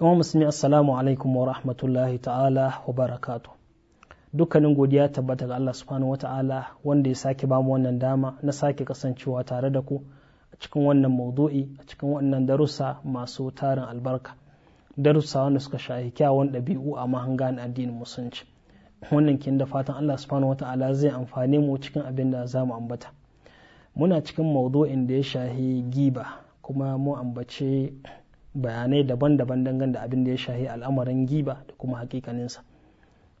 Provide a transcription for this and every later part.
yawan musulmi assalamu alaikum wa rahmatullahi ta'ala wa barakatu dukkanin godiya tabbata ga Allah subhanahu wa ta'ala wanda ya sake ba mu wannan dama na sake kasancewa tare da ku a cikin wannan maudu'i a cikin wannan darussa masu tarin albarka darussa wanda suka shahi kyawun ɗabi'u a mahanga na addinin musulunci wannan kin da fatan Allah subhanahu wa ta'ala zai amfani mu cikin abin da za mu ambata muna cikin maudu'in da ya shahi giba kuma mu ambace bayanai daban-daban dangane da abin da ya shahi al'amarin giba da kuma hakikaninsa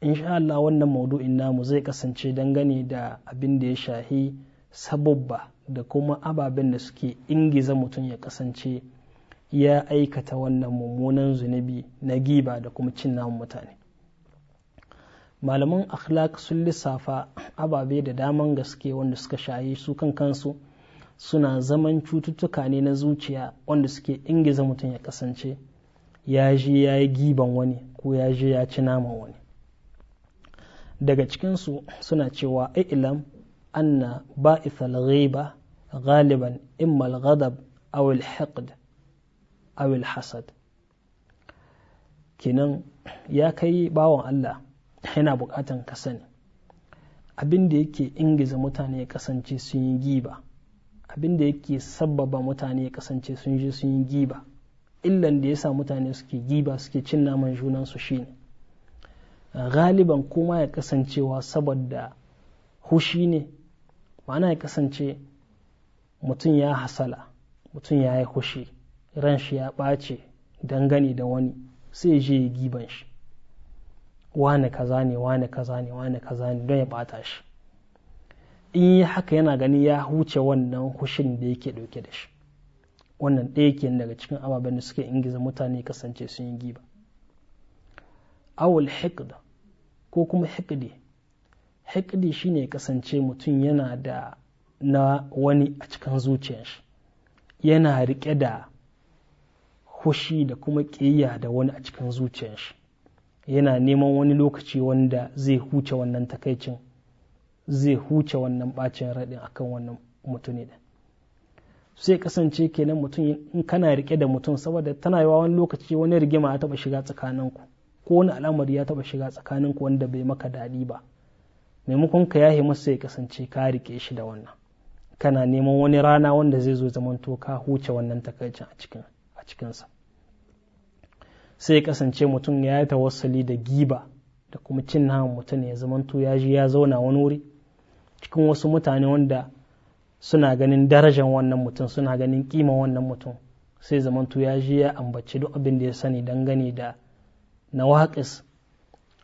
insha Allah wannan maudu'in namu zai kasance dangane da abin da ya shahi sababba da kuma ababen da suke ingiza mutum ya kasance ya aikata wannan mummunan zunubi na giba da kuma cin namun mutane malaman akhlaq sun lissafa ababe da daman gaske wanda suka shahi su kan kansu suna zaman cututtuka ne na zuciya wanda suke ingiza mutum ya kasance ya je ya yi giban wani ko ya je ya ci naman wani daga cikinsu suna cewa ilam anna ba'ithal galiban, غالبا إما hiqd, أو الحقد أو hasad kenan ya kai bawon Allah yana bukatan ka sani abin da yake ingiza mutane ya kasance sun yi giba abin da yake sabbaba mutane ya kasance sun je sun yi giba illan da ya sa mutane suke giba suke cin naman su shine galiban kuma ya kasancewa saboda hushi ne ma'ana ya kasance mutum ya hasala mutum ya yi hushi ran shi ya ɓace dangane da wani sai je ya giban shi wane kaza ne wane kaza ne wane kaza ne don ya ɓata shi in yi haka yana gani ya huce wannan hushin da yake dauke da shi wannan ɗaya ke daga cikin ababen da suke ingiza mutane kasance sun yi giba awul hikda ko kuma hikdi hikdi shine kasance mutum yana da na wani a cikin zuciyarshi yana riƙe da hushi da kuma ƙiyya da wani a cikin zuciyarshi yana neman wani lokaci wanda zai huce wannan takaicin zai huce wannan bacin raɗin akan wannan mutumi da sai kasance kenan mutum in kana rike da mutum saboda tana yawa wani lokaci wani rigima ya taba shiga tsakaninku ko wani al'amari ya taba shiga tsakaninku wanda bai maka daɗi ba maimakon ka yahe masa ya kasance ka rike shi da wannan kana neman wani rana wanda zai zo zamanto ka huce wannan takaicin a cikin sa cikinsa sai kasance mutum ya yi tawassali da giba da kuma cin naman mutum ya zamanto ya ji ya zauna wani wuri cikin wasu mutane wanda suna ganin darajan wannan mutum suna ganin ƙiman wannan mutum sai zamantu ya je ya ambaci duk abin da ya sani dangane da na waƙis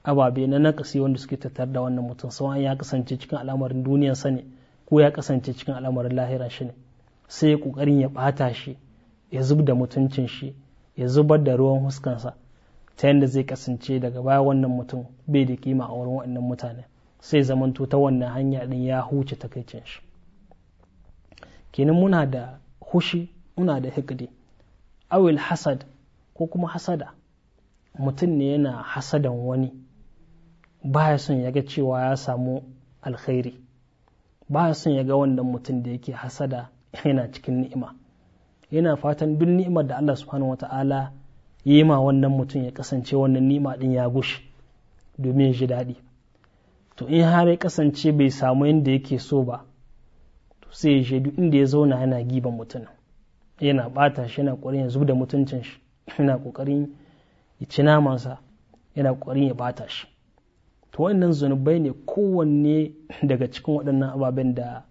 ababe na naƙasi wanda suke tattar da wannan mutum an ya kasance cikin al'amarin duniyar sani ko ya kasance cikin al'amarin lahira shi ne sai ya ƙoƙarin ya ɓata shi ya zub da mutuncin shi ya zubar da ruwan huskansa ta yadda zai kasance daga baya wannan mutum bai da kima a wurin waɗannan mutane sai zamanto ta wannan hanya din ya huce takaicin shi kenan muna da hushi muna da hikdi awil hasad ko kuma hasada mutum ne yana hasadan wani baya son ya ga cewa ya samu alkhairi baya son ya ga wannan mutum da yake hasada yana cikin ni'ima yana fatan duk ni'imar da Allah subhanahu wata'ala yi ma wannan mutum ya kasance wannan ni'ima din ya gushi domin ya ji daɗi to in har ya kasance bai samu yadda yake so ba to sai ya shaidu inda ya zauna yana giban mutum yana bata shi yana ƙoƙarin ya zub da mutuncin shi yana ƙoƙarin ya ci namansa yana ƙoƙarin ya bata shi to waɗannan zunubai ne kowanne daga cikin waɗannan ababen da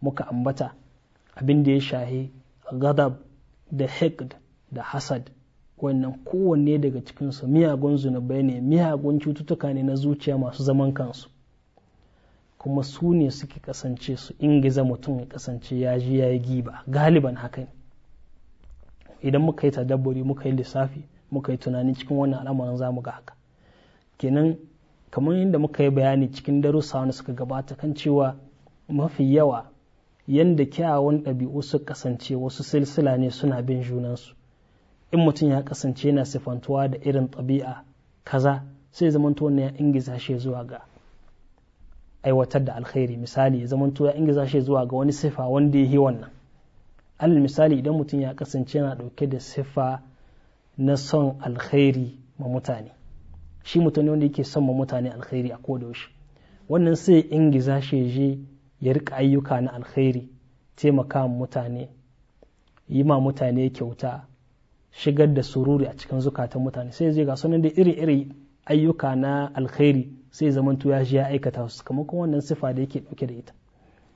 muka ambata abin da ya shahi gadab da hekd da hasad wannan kowanne daga cikinsu miyagun zunubai ne miyagun cututtuka ne na zuciya masu zaman kansu kuma su ne suke kasance su ingiza mutum ya kasance ya ji ya yi giba galiban haka ne idan muka yi tadabbari muka yi lissafi muka yi tunani cikin wannan al'amarin za mu ga haka kenan kamar yadda muka yi bayani cikin darussa wani suka gabata kan cewa mafi yawa yadda kyawawan ɗabi'u su kasance wasu silsila ne suna bin junansu in mutum ya kasance yana sifantuwa da irin ɗabi'a kaza sai zamanto wannan ya ingiza shi zuwa ga aiwatar da alkhairi misali ya zamanto ya ingiza shi zuwa ga wani sifa wanda ya yi wannan al misali idan mutum ya kasance yana dauke da sifa na son alkhairi ma mutane shi mutum ne wanda yake son ma mutane alkhairi a koda yaushe wannan sai ingiza shi je ya rika ayyuka na alkhairi taimaka mutane yi ma mutane kyauta shigar da sururi a cikin zukatan mutane sai zai ga sunan da iri-iri ayyuka na alkhairi sai zaman ya shi ya aikata su kuma wannan sifa da yake dauke da ita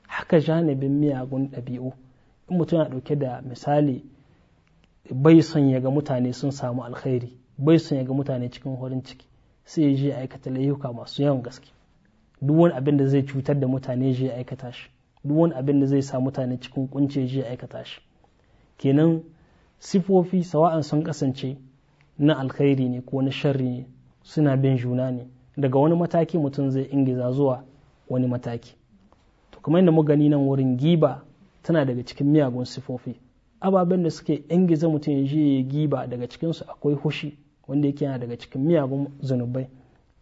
haka janibin miyagun ɗabi'u in mutum yana dauke da misali bai son ya ga mutane sun samu alkhairi bai son ya ga mutane cikin horin ciki sai ya je aikata layuka masu yawan gaske duk wani abin da zai cutar da mutane je aikata shi duk wani abin da zai sa mutane cikin kunce je aikata shi kenan sifofi sawa'an sun kasance na alkhairi ne ko na sharri ne suna bin juna ne daga wani mataki mutum zai ingiza zuwa wani mataki to kamar yadda muka nan wurin giba tana daga cikin miyagun sifofi ababen da suke ingiza mutum ya je ya giba daga cikinsu akwai hushi wanda yake yana daga cikin miyagun zunubai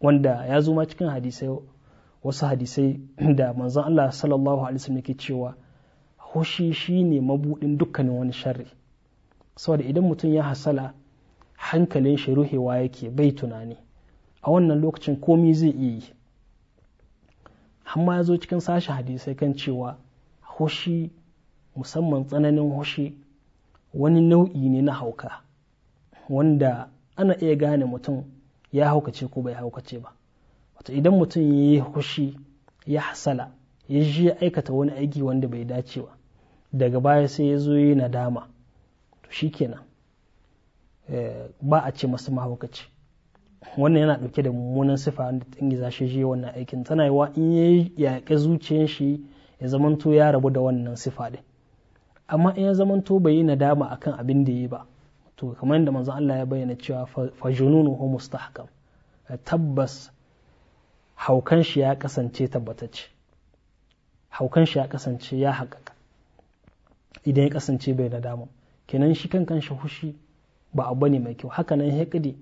wanda ya zuma cikin hadisai wasu hadisai da manzon Allah sallallahu alaihi wasallam yake cewa hushi shine mabudin dukkanin wani sharri saboda idan mutum ya hasala hankalin shi ruhewa yake bai tunani a wannan lokacin komi zai iya yi amma ya zo cikin sashi hadisai kan cewa hushi musamman tsananin hushi wani nau'i ne na hauka wanda ana iya gane mutum ya haukace ko bai haukace ba wato idan mutum ya yi hushi ya hasala ya ji ya aikata wani aiki wanda bai dace ba daga baya sai ya zo yi nadama to shi kenan eh, ba a ce masu mahaukaci wannan yana ɗauke da mummunan sifa wanda za shi je wannan aikin tana yiwa in ya yaƙi zuciyar shi ya zamanto ya rabu da wannan sifa ɗin amma in ya zamanto bai yi nadama akan abin da yi ba to kamar yadda manzon Allah ya bayyana cewa fa hu mustahkam tabbas haukan shi ya kasance tabbatacce haukan shi ya kasance ya haƙaƙa idan ya kasance bai nadama kenan shi kan kanshi hushi ba abu ne mai kyau haka nan hikidi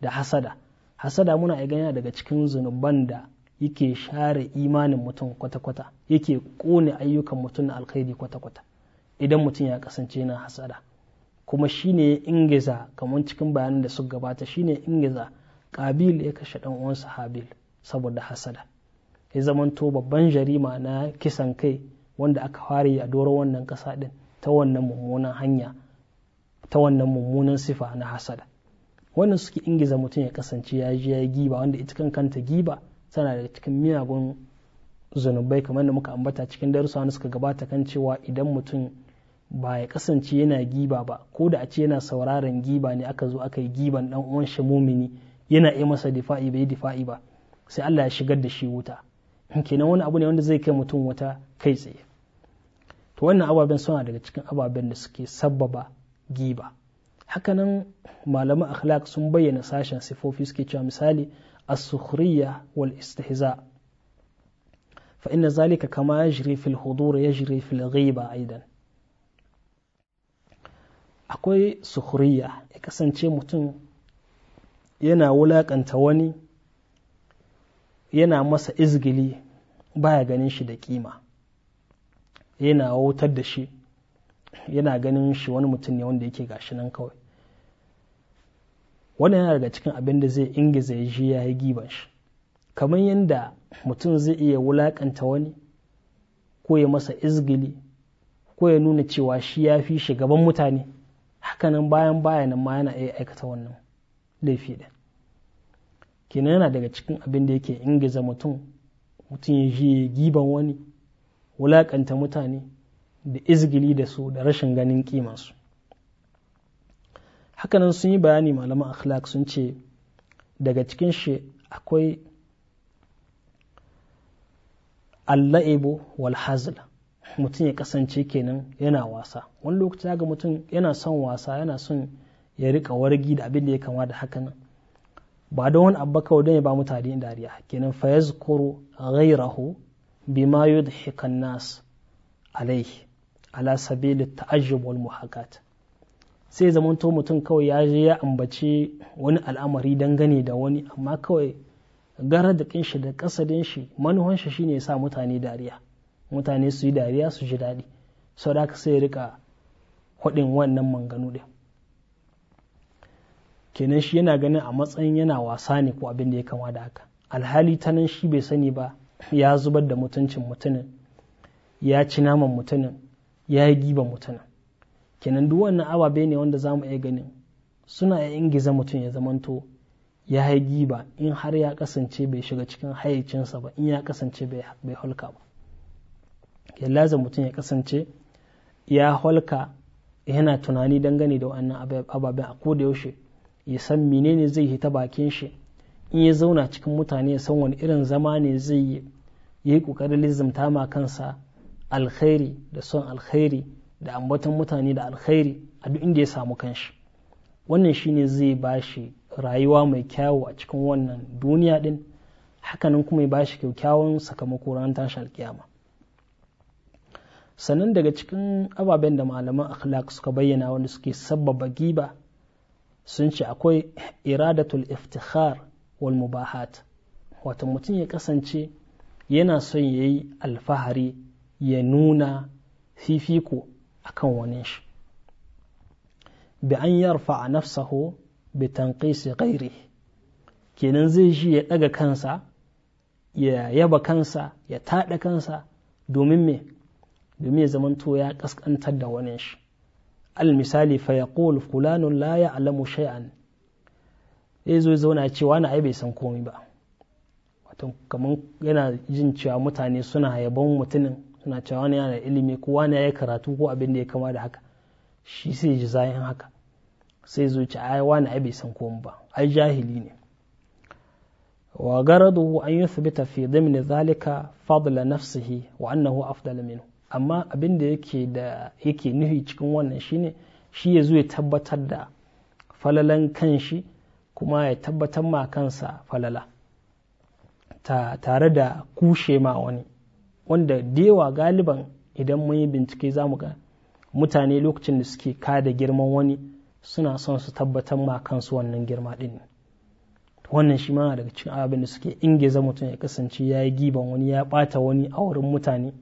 da hasada hasada muna iya gani daga cikin zunuban da yake share imanin mutum kwata-kwata yake kone ayyukan mutum na alkhairi kwata-kwata idan mutum ya kasance na hasada kuma shine ya ingiza kamar cikin bayanan da suka gabata shine ya ingiza kabil ya kashe dan uwansa habil saboda hasada ya zamanto babban jarima na kisan kai wanda aka fara a doron wannan kasa din ta wannan mummunan hanya ta wannan mummunan sifa na hasada wannan suke ingiza mutum ya kasance ya ji ya giba wanda ita kan kanta giba tana daga cikin miyagun zunubai kamar da muka ambata cikin darussa wanda suka gabata kan cewa idan mutum ba ya kasance yana giba ba ko da a ce yana sauraron giba ne aka zo aka yi giban dan uwan shi mumini yana yi masa difa'i bai difa'i ba sai Allah ya shigar da shi wuta kenan wani abu ne wanda zai kai mutum wuta kai tsaye to wannan ababen suna daga cikin ababen da suke sabbaba giba hakanan malaman akhlaq sun bayyana sashen sifofi suke cewa misali as-sukhriya wal istihza fa inna zalika kama yajri fil hudur yajri fil ghiba aidan akwai sukhriya ya kasance mutum yana wulakanta wani yana masa izgili baya ganin shi da kima yana wutar da shi yana ganin shi wani mutum ne wanda yake gashi nan kawai wannan yana daga cikin abin da zai ingiza ya ji ya yi giban shi kamar yadda mutum zai iya wulakanta wani ko ya masa izgili ko ya nuna cewa shi ya fi shi gaban mutane hakanan bayan bayanan ma yana iya aikata wannan laifi ɗin kenan yana daga cikin abin da yake ingiza mutum mutum ya ji giban wani wulakanta mutane da izgili da su da rashin ganin kimansu hakanan sun yi bayani malaman akhlaq sun ce daga cikin shi akwai alla'ibu wal hazla mutum ya kasance kenan yana wasa wani lokaci ga mutum yana son wasa yana son ya rika wargi da abin da ya kama da hakanan ba don wani abba kawai don ya ba mutane dariya kenan fayaz yazkuru ghayrahu bima yudhikan nas alaihi ala sabili ta'ajjub wal muhakat sai zaman to mutum kawai ya je ya ambaci wani al'amari dangane da wani amma kawai gara da kin shi da kasadin shi manuhan shi shine ya sa mutane dariya mutane su yi dariya su ji daɗi sau da sai rika hudin wannan manganu din kenan shi yana ganin a matsayin yana wasa ne ko abin da ya kama da haka alhali ta nan shi bai sani ba ya zubar da mutuncin mutumin ya ci naman mutumin ya yi giba mutum kenan duk wannan ababe ne wanda za mu iya ganin suna ya ingiza mutum ya zamanto ya yi giba in har ya kasance bai shiga cikin hayyacinsa ba in ya kasance bai hulka. ba ya laza mutum ya kasance ya hulka yana tunani dangane da wannan ababen a koda yaushe ya san menene zai hita bakin shi in ya zauna cikin mutane ya san wani irin zama ne zai yi ya yi ƙoƙarin lizimta ma kansa alkhairi da son alkhairi da ambaton mutane da alkhairi a duk inda ya samu kanshi wannan shine zai ba shi rayuwa mai kyawu a cikin wannan duniya din hakanan kuma ya shi kyakkyawan sakamako ranar tashi alkiyama sannan daga cikin ababen da malaman akhlaq suka bayyana wanda suke sabbaba giba sun ce akwai iradatul iftikhar wal mubahat wato mutum ya kasance yana son ya yi alfahari ya nuna fifiko akan wani shi bi an yarfa nafsahu bi tanqisi ghairi kenan zai shi ya daga kansa ya yaba kansa ya taɗa kansa domin me domin ya zamanto ya ƙasƙantar da wani shi al misali fa yaqul fulanun la ya'lamu shay'an zai zo zauna cewa na ai bai san komai ba wato kamar yana jin cewa mutane suna yabon mutumin suna cewa wani yana da ilimi ko wani ya yi karatu ko abin da ya kama da haka shi sai ji zayin haka sai zuci ai wani ai bai san komai ba ai jahili ne wa garadu an yuthbita fi dhimn zalika fadla nafsihi wa annahu afdal minhu amma abin da yake da yake nufi cikin wannan shine shi ya zo ya tabbatar da falalan kanshi kuma ya tabbatar ma kansa falala ta tare da kushe ma wani wanda da yawa galiban idan mun yi bincike za mu ga mutane lokacin da suke kada girman wani suna son su tabbatar ma kansu wannan girma din. wannan shi ma daga cikin abin da suke ingiza mutum ya kasance ya yi giban wani ya ɓata wani a wurin mutane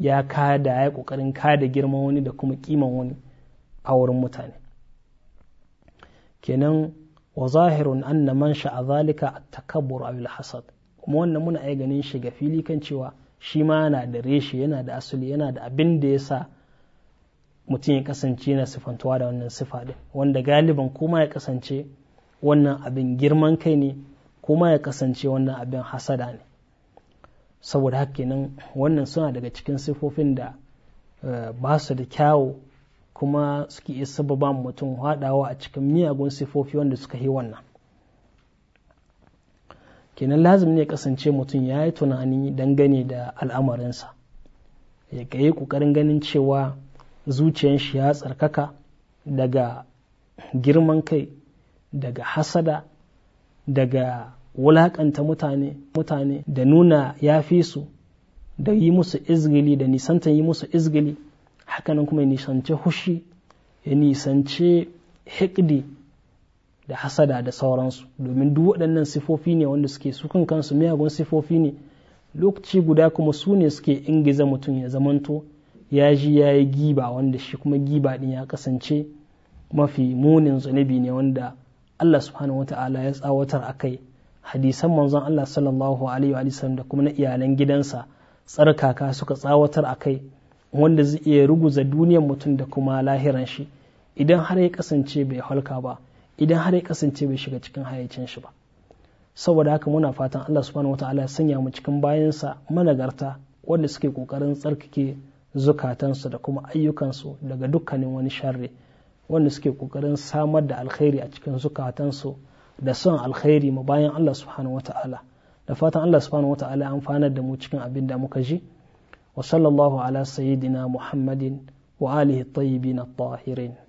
ya kada ya kokarin kada girman wani da kuma kiman wani a wurin mutane kenan wa zahirun anna man sha'a zalika at-takabbur aw al kuma wannan muna ayi ganin shi ga fili kan cewa shi ma yana da reshe yana da asali yana da abin da ya sa mutum ya kasance yana sifantuwa da wannan sifa din wanda galiban kuma ya kasance wannan abin girman kai ne kuma ya kasance wannan abin hasada ne saboda haka kenan wannan suna daga cikin sifofin da eh, ba su da kyawu kuma suke iya sababa mutum haɗawa a cikin miyagun sifofi wanda suka yi wannan kenan lazim ne kasance mutum ya yi tunani dangane da al'amarinsa ya yi ƙoƙarin ganin cewa zuciyan shi ya tsarkaka daga girman kai daga hasada daga wulaƙanta mutane mutane da nuna ya fi su da yi musu izgili da nisanta yi musu izgili hakanan kuma ya nisanci hushi ya nisanci hikdi da hasada da sauransu domin duk waɗannan sifofi ne wanda suke su kan kansu miyagun sifofi ne lokaci guda kuma su ne suke ingiza mutum ya zamanto ya ji ya yi giba wanda shi kuma giba ɗin ya kasance mafi munin zunubi ne wanda Allah subhanahu wata'ala ya tsawatar akai hadisan manzon Allah sallallahu alaihi wa sallam da kuma na iyalan gidansa tsarkaka suka tsawatar akai wanda zai iya ruguza duniyar mutum da kuma lahiran shi idan har ya kasance bai halka ba idan har ya kasance bai shiga cikin hayyacin shi ba saboda haka muna fatan Allah subhanahu wataala ya sanya mu cikin bayansa managarta wanda suke kokarin tsarkake zukatansu da kuma ayyukansu daga dukkanin wani sharri wanda suke kokarin samar da alkhairi a cikin zukatansu da son alkhairi ma bayan Allah subhanahu wataala da fatan Allah subhanahu wataala amfanar da mu cikin abin da muka ji wa sallallahu ala sayyidina muhammadin wa alihi tayyibin at-tahirin